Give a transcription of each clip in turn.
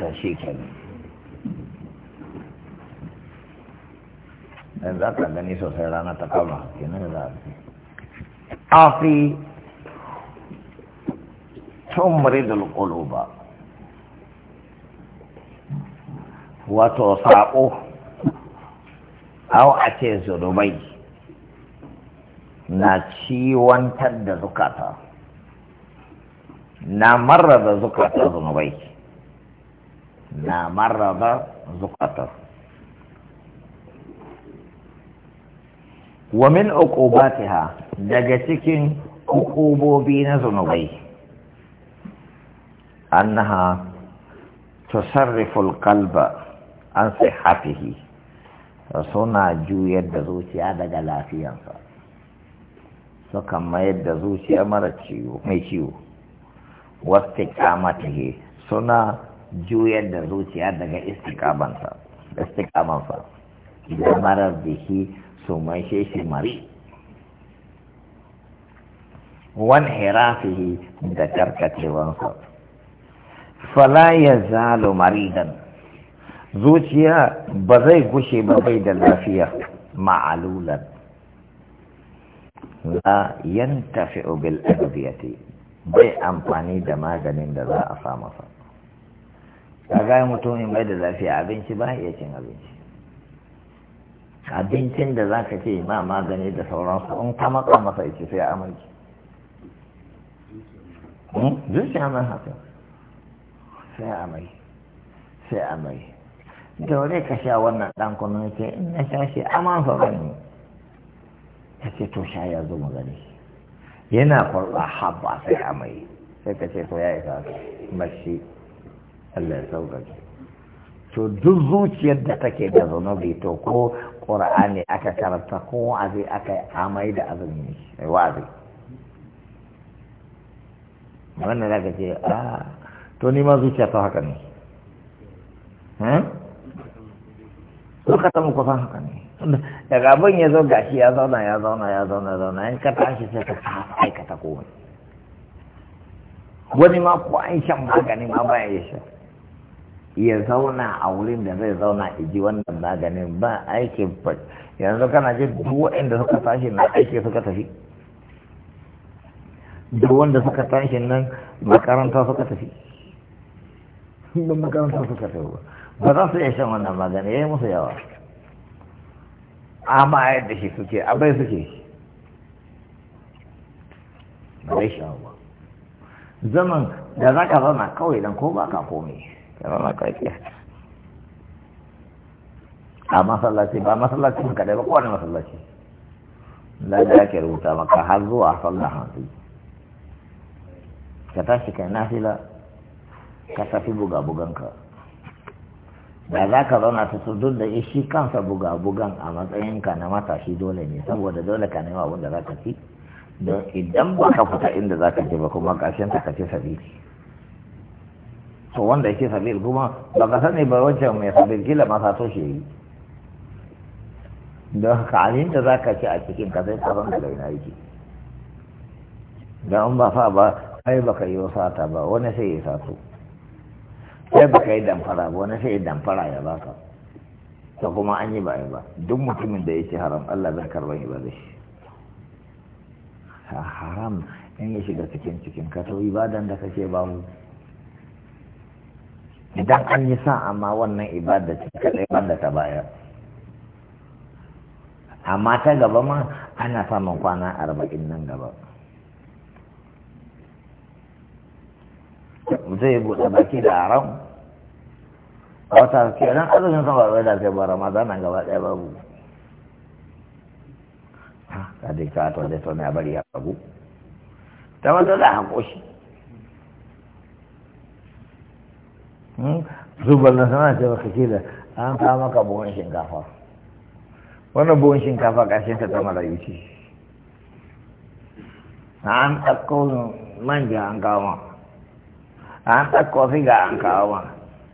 to shi kenan dan za ka gani sosai rana ta kama kenan za a afi tun da ba wato saƙo au a ce zunubai na ciwantar da zukata na marar da zukata zunubai na marraba zukatar wamin min daga cikin hukubobi na zunubai annaha tusarrifu alqalba an sihhatihi suna juyar da zuciya daga lafiyansa sukan mayar da zuciya mara ciwo mai ciwo wasu suna juyar da zuciya daga istikamansa istikamansa idan marar da shi su manshe shi mari wan hirafihi da karkacewansa fala ya zalo maridan zuciya ba zai gushe ba bai da lafiya ma'alulan la yantafi bil adabiyati bai amfani da maganin da za a sa masa kaga mutumin bai da lafiya abinci ba iya cin abinci abincin da zaka ce ma magani da sauransu in ta maka masa ce sai aminci hmm? zuciya mai haka sai amai sai amai daure ka sha wannan dan kunun ce in na sha shi aman fa bane ka ce to sha ya zo magani yana kwalba habba sai amai sai ka ce to ya isa mashi Allah ya sauƙaƙe to duk zuciyar da take da zunubi to ko ƙura'ani aka karanta ko wa'azi aka yi amai da azumi wa'azi wannan da ka ce a ah, to ni ma zuciya ta haka ne lokacin hm? kusan haka ne daga abin ya zo gashi ya zauna ya zauna ya zauna zauna in ka tashi sai ka kasa aikata komai wani ma ko an shan magani ma baya ya sha ya zauna a wurin da zai zauna ji wannan maganin ba aikin ba yanzu kana ji duk da suka tashi na aiki suka tafi duk wanda suka tashi nan makaranta suka tafi ba makaranta suka tafi ba ba za su iya shan wannan magani ya yi musu yawa amma a yadda shi suke abai suke ba zai ba zaman da za ka zauna kawai dan ko ba ka komai yana kai a masallaci ba masallaci ka dai ba kowane masallaci da da yake rubuta maka har zuwa sallah hanzu ka tashi kai nafila ka tafi buga-buganka da za ka zauna ta su duk da shi kansa buga-bugan a matsayinka na matashi dole ne saboda dole ka nema abin da za ka ci don idan ba ka fita inda za ka je ba kuma ƙarshen ta ka ce sabiti to wanda yake sabil kuma ba ka sani ba wancan mai sabil kila ma sato shi yi don haka alin da za ka ci a cikin ka sai ka da gaina yake don ba sa ba ba baka yi wa sata ba wani sai ya sato sai baka yi damfara ba wani sai ya damfara ya baka ta kuma an yi ba ba duk mutumin da ya ci haram Allah bai yi ba zai shi haram in ya shiga cikin cikin ka ta ibadan da kake ba mu idan an yi sa amma wannan ibada ce kaɗai banda ta bayar amma ta gaba ma ana samun kwana arba'in nan gaba zai buɗe baki da aram a wata nan azumin sama bai da sai ba ramadan gaba ɗaya babu ha ka dai ka to dai to ne a bari ya babu ta wata da haƙoshi zubar na sana ce maka da an kawo maka buwan shinkafa wannan buwan shinkafa ƙarshen ta zama rayu ce an ɗauko manja an kawo ma an ɗauko figa an kawo ma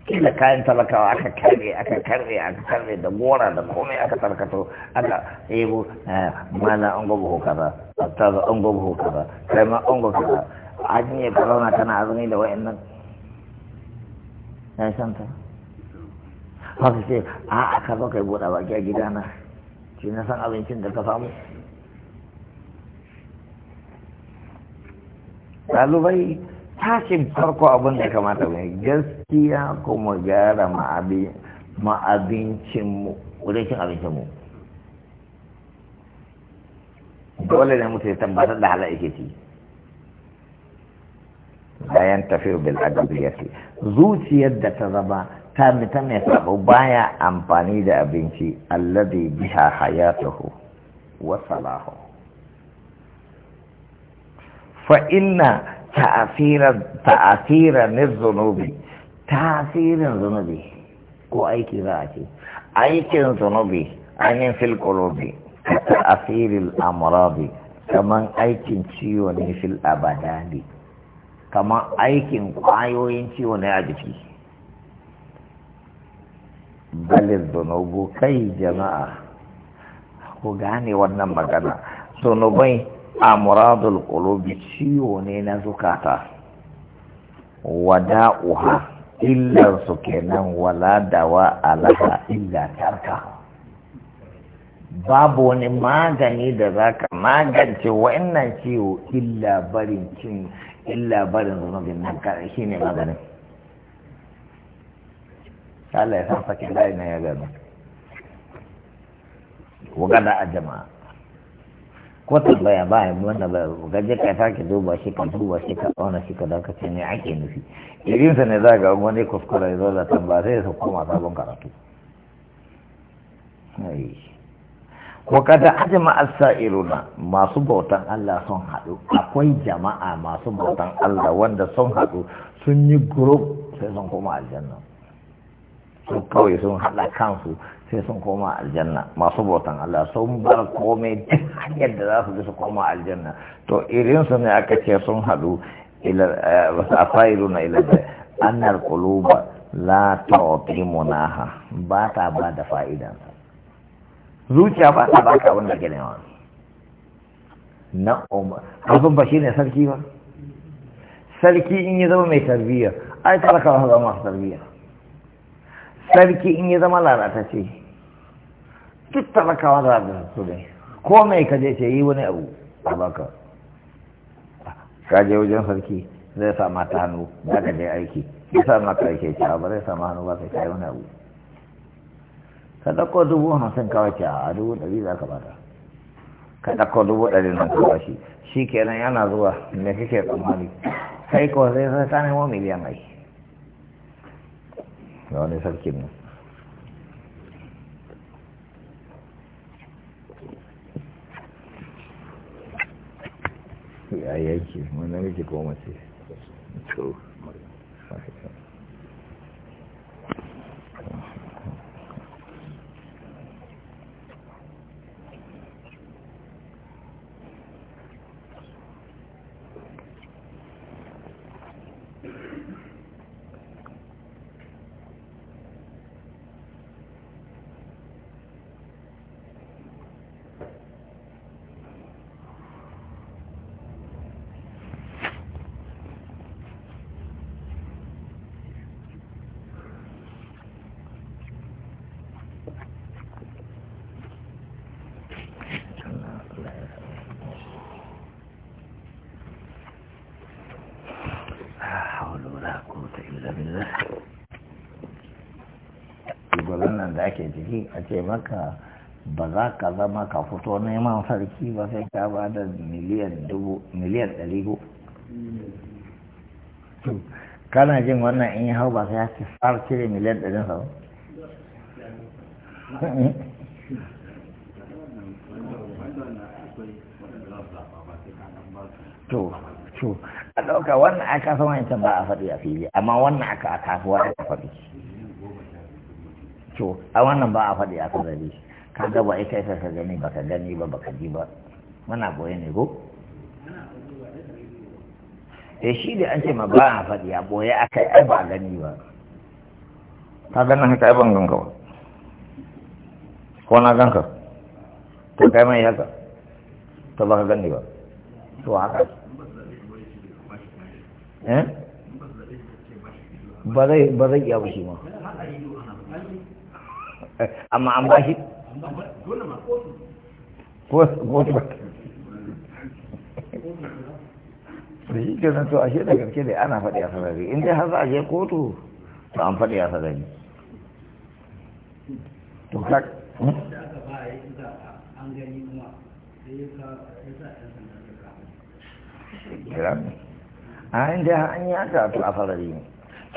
kila kayan talakawa aka karbe aka karbe aka karbe da gora da komai aka tarkato aka ebo eh, mana an gobe hukata ta zo an gobe hukata kai ma an gobe hukata a jiye corona tana azumi da wa'annan ya san ta haka ce a a ka zo kai buɗa baki a gidana shi na san abincin da ka samu ɗalibai tashin farko abin da kamata mai gaskiya kuma gyara ma'abincinmu abincin abincinmu dole ne mutu ya tabbatar da halar yake ci لا ينتفع بالأدبية زوجي يد تذبا تام تام يسابو بايا أمباني دا أبنشي الذي بها حياته وصلاحه فإن تأثير تأثير الذنوب تأثير الذنوب ko aiki za a ce aikin zunubi ainihin fil kulubi ta asiril amurabi kaman aikin ciwo ne fil abadani kamar aikin kwayoyin ciwo na a jiki balin zunubu kai jama'a ku gane wannan magana zunubai a muradul kulobi ciwo ne na zukata Wada wada'uha illarsu kenan wala dawa alaha illa tarka babu wani magani da za ka magance wa'annan ciwo illa barin cin illa barin zunubin nan kare shi ne maganin Allah ya san fakin da na ya gano wagada a jama'a ko tambaya ba ya wanda ba je ka sake duba shi ka duba shi ka auna shi ka da ka ce ne ake nufi irin sa ne za ga wani kuskure zo da tambaya sai su koma sabon karatu ko kada ajma as sailuna masu bautan Allah sun hadu akwai jama'a masu bautan Allah wanda sun hadu, sun yi group sai sun koma aljanna sun kawai sun hada kansu sai sun koma aljanna masu bautan Allah sun bar komai duk hanyar da za su bi su koma aljanna to irin su ne aka ce sun hadu, ila eh, as sailuna ila annal quluba la tu'timunaha ba ta ba da fa'idansa zuciya ba ta baka abin da ganewa na umar abin ba shi ne sarki ba sarki in yi zama mai tarbiyya ai talaka ba zama masu tarbiyya sarki in yi zama ce duk talakawa da su ne ko mai kaje ce yi wani abu a baka kaje wajen sarki zai sa mata hannu za ka je aiki zai sa mata aiki ce a ba zai sa hannu ba sai ka yi wani abu ka ɗauko dubu hamsin kawai ce a dubu ɗari za ka bata ka ɗauko dubu ɗari nan ka bashi shi kenan yana zuwa me kake tsammani kai ko sai sai ka nemo miliyan ai da wani sarkin nan ya yanki wani miji goma ce to billah nan da ake ciki a ce maka ba za ka zama ka fito neman sarki ba sai ka ba da miliyan dubu miliyan ɗari ko kana jin wannan in yi hau ba sai ya ci far cire miliyan ɗari sa to to a ɗauka wannan aka san wancan ba a faɗi a fili amma wannan aka a kasuwa aka faɗi to a wannan ba a faɗi a sarari ka ga ba ita ita ka gani baka gani ba baka ji ba mana goye ne ko eh shi da an ce ma ba a faɗi a boye aka yi ba gani ba ka ganin haka ban ganka ba ko na ganka to kai mai haka to baka gani ba to haka Eh? ba zai iya ba shi ma eh, amma an ba shi da shi ke to ashe da gaske da ana faɗi a sarari in dai har za a je kotu to an faɗi a sarari to ka ba an gani kuma sai ya sa a inda an yi haka a a da ne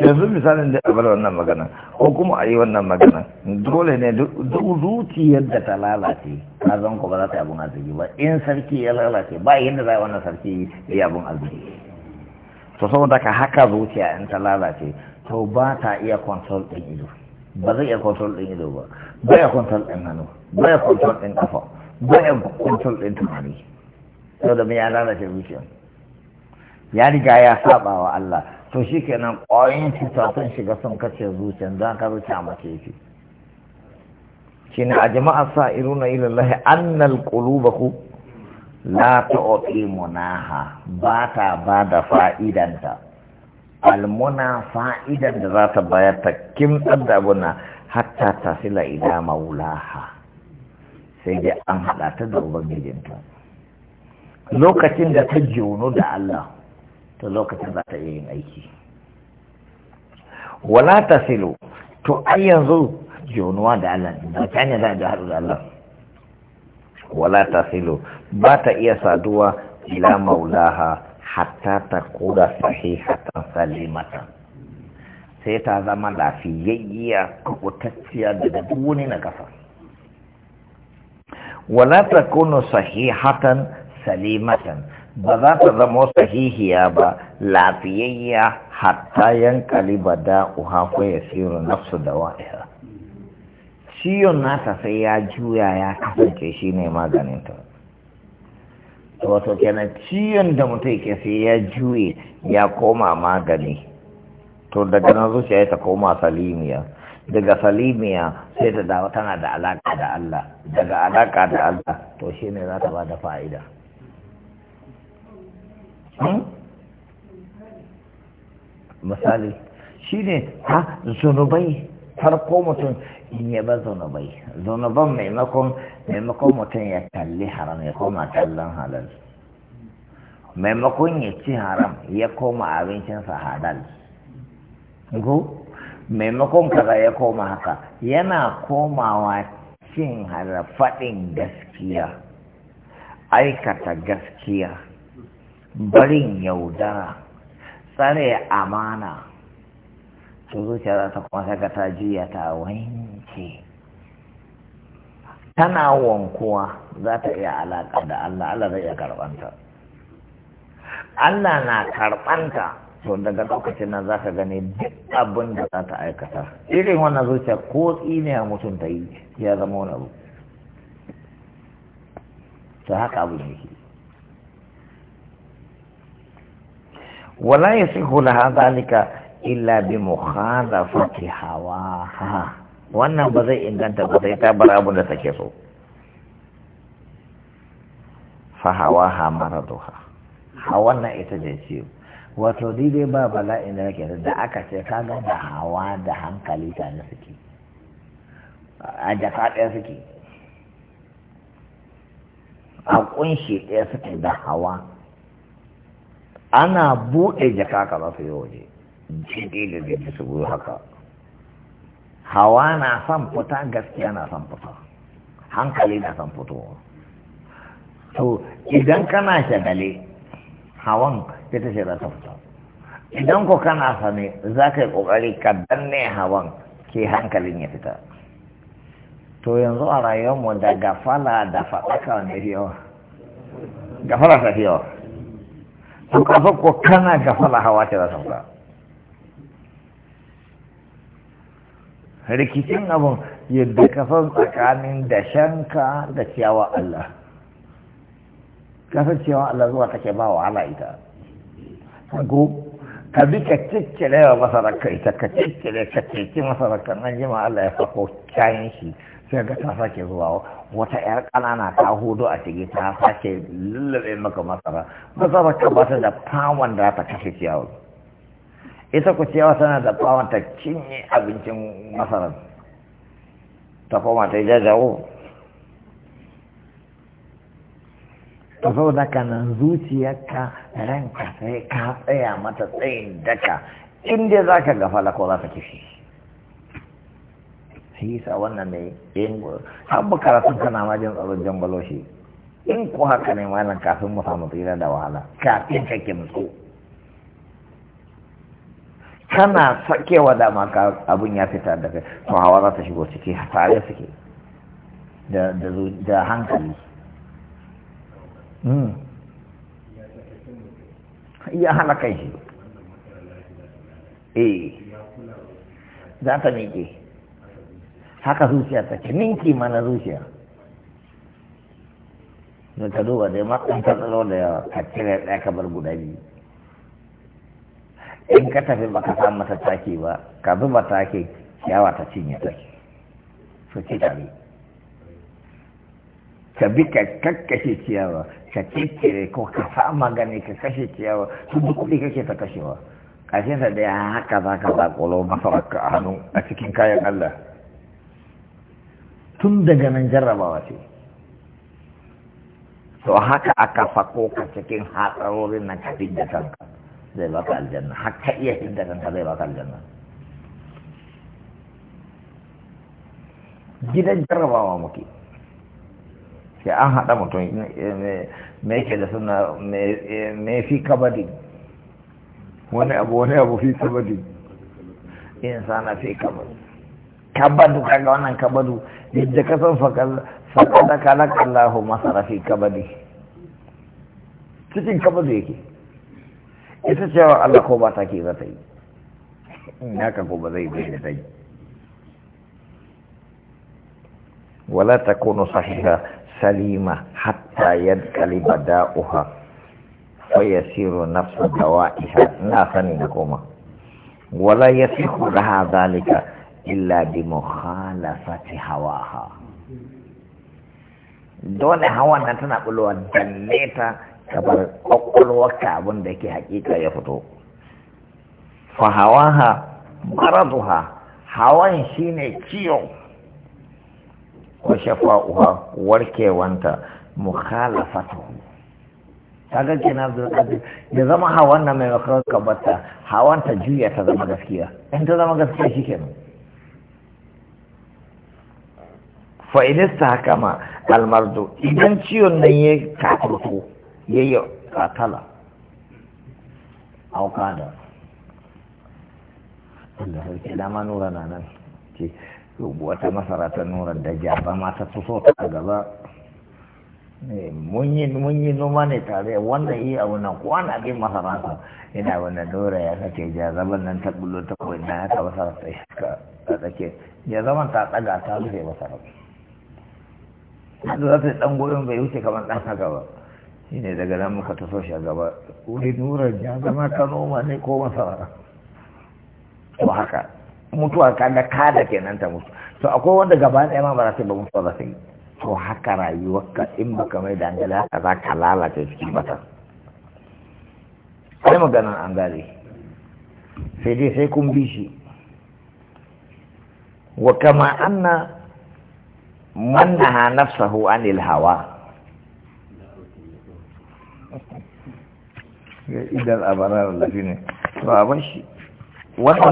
yanzu misalin da a wannan magana ko kuma a yi wannan magana dole ne duk zuciyar da ta lalace ta zan ba za ta yi abin arziki ba in sarki ya lalace ba yadda za a yi wannan sarki ya yi abin arziki to saboda ka haka zuciya in ta lalace to ba ta iya control ɗin ido ba zai iya control ɗin ido ba ba ya control ɗin hannu ba ya control ɗin kafa ba ya control ɗin tunani da mai ya lalace zuciya ya riga ya saba wa Allah to shi kenan ƙwayoyin cuta sun shiga sun kace zuciyan don ka zuciya mace yake shi ne a jama'a sa iruna ilallahi annal quluba ku la tu'ti munaha ba ta ba da fa'idanta almuna fa'idan da za ta bayar ta kim da abuna hatta tasila ila maulaha sai dai an haɗa ta da ubangijinta lokacin da ta jono da Allah to lokacin za ta iya yin aiki wala ta silo to ai yanzu jonuwa da Allah da ta ne da haɗu da Allah wala ta silo ba ta iya saduwa ila maulaha hatta ta kura sahihatan salimatan sai ta zama lafiyayya kubutacciya daga duk wani na kafa wala ta kunu sahihatan salimatan ba za ta zama sahihiya ba lafiyayya hatta yankali ba da uhaku ya siru nafsu da wa'iha ciyon nata sai ya juya ya kasance shi ne maganinta wato kenan ciyon da mutum ke sai ya juye ya koma magani to daga nan zuciya ta koma salimiya daga salimiya sai ta dawo tana da alaka da Allah daga alaka da Allah to shine za ta ba da fa'ida Hmm? misali shi ne ha zunubai farko mutum in ya ba zunubai zunuban maimakon maimakon mutum ya kalli haram ya koma kallon halal maimakon ya ci haram ya koma abincinsa halal ko maimakon kaza ya koma haka yana komawa cin faɗin gaskiya aikata gaskiya barin yaudara tsare amana to zuciya za ta kuma saka ta juya ta wanke tana wankuwa za ta iya alaƙa da Allah Allah zai iya karɓanta Allah na karɓanta to daga lokacin nan za ka gani duk abin da za ta aikata irin wannan zuciya ko tsine a mutum ta yi ya zama wani abu to haka abu ne wala yasihu laha zalika illa bi mukhalafati hawaha wannan ba zai inganta ba sai ta bar abin da take so fa hawa ha mara maraduha hawan na ita ce wato daidai ba bala inda yake da aka ce ka ga da hawa da hankali ta ne suke a jaka ɗaya suke a kunshi ɗaya suke da hawa ana buɗe jaka ka za su yi waje jiɗi da zai su buru haka hawa na san fita gaskiya na san fita hankali na san fitowa to idan kana shagale hawan ya ta shirya ta fita idan ko kana sane za ka yi ƙoƙari ka danne hawan ke hankalin ya fita to yanzu a rayuwarmu da gafala da faɗaka wanda yawa gafala ta fi yawa to kafa ko kana gafala hawa ta za ta rikicin abun yadda kafan tsakanin dashenka da ciyawa Allah kasar ciyawa Allah zuwa take ba wahala ita ko ka bi ka ciccire wa masararka ita ka ciccire ka ceci masararka nan jima Allah ya fako kyayin shi sai ga ta sake zuwa wata yar ƙanana ta hudu a ciki ta sake lullube maka masara za ka ba ta da pawan da ta kashe ciyawa ita ku ciyawa tana da pawan ta cinye abincin masara? ta koma ta yi jajawo ta zo da nan zuciyarka ranka sai ka tsaya mata tsayin daka inda za ka gafala ko za ta kishi hisa wannan ne in har karatun kana ma jin tsaron jan baloshi in ko haka ne malam kafin mu samu tsira da wahala kafin ka kimtsu kana sakewa dama ka abun ya fita daga to hawa za ta shigo ciki tare suke da da da hankali mm ya hana kai shi eh za ta miƙe haka zuciya ta ce ninki mana zuciya da ka duba dai matsin ta tsaro da yawa ka cire ɗaya ka bar guda biyu in ka tafi ba ka samu mata take ba ka ba take ciyawa ta cinye ta su ci tare ka bi ka kakkashe ciyawa ka cikire ko ka fama gani ka kashe ciyawa su duk kuɗi kake ta kashewa kashinsa da ya haka za ka zaƙulo masa a hannu a cikin kayan Allah tun daga nan jarrabawa ce to haka aka fako ka cikin hatsarorin na ka fidda kanka zai baka aljanna haka iya fidda kanka zai baka aljanna gidan jarrabawa muke sai an haɗa mutum me yake da suna me fi kabadi wani abu wani abu fi kabadi insana fi kabadi kabadu kaga wannan kabadu yadda ka san faƙada kalaka Allahu masarafi kabadi cikin kabadu yake ita cewa Allah ko ba ta ke za ta yi naka ko ba zai bai da ta yi wala takunu sahiha salima hatta yadkali bada'uha fa yasiru nafsu dawa'iha ina sani na koma wala yasihu laha zalika illa bi mukhalafati hawaha dole hawan nan tana bulowa danne ta kabar ka abin da ke hakika ya fito fa hawaha maraduha hawan shine ciwo wa shafa'uha warkewanta mukhalafatu kaga kenan zurkaji ya zama hawan na mai makaranta bata hawan ta juya ta zama gaskiya in ta zama gaskiya shikenan fa'idista haka ma almardo idan ciwon nan ya kakurko, ya yi katala auka da Allah sarki dama nura na nan ce wata masara ta nura da jaba ma ta tuso ta gaba mun yi noma ne tare wanda yi a wannan kwana kai masara ta ina wannan nura ya sake jazaban nan ta bullo ta kwanna ya ka masara ta iska a tsake jazaban ta tsaga ta rufe masara hadu za ta ɗan goyon bai wuce kamar ɗan haka ba shi ne daga nan muka taso shi a gaba wuri nura ya zama ta noma ne ko masara ko haka mutuwa ka kaga kada kenan ta mutu to akwai wanda gaba ɗaya ma ba za ta ba mutuwa za ta yi to haka rayuwarka in baka mai da hankali haka za ka lalace ciki mata sai maganar an gane sai dai sai kun bi shi wa kama anna mannaha naha nafsahu anil hawa idan abarar lafi ne to a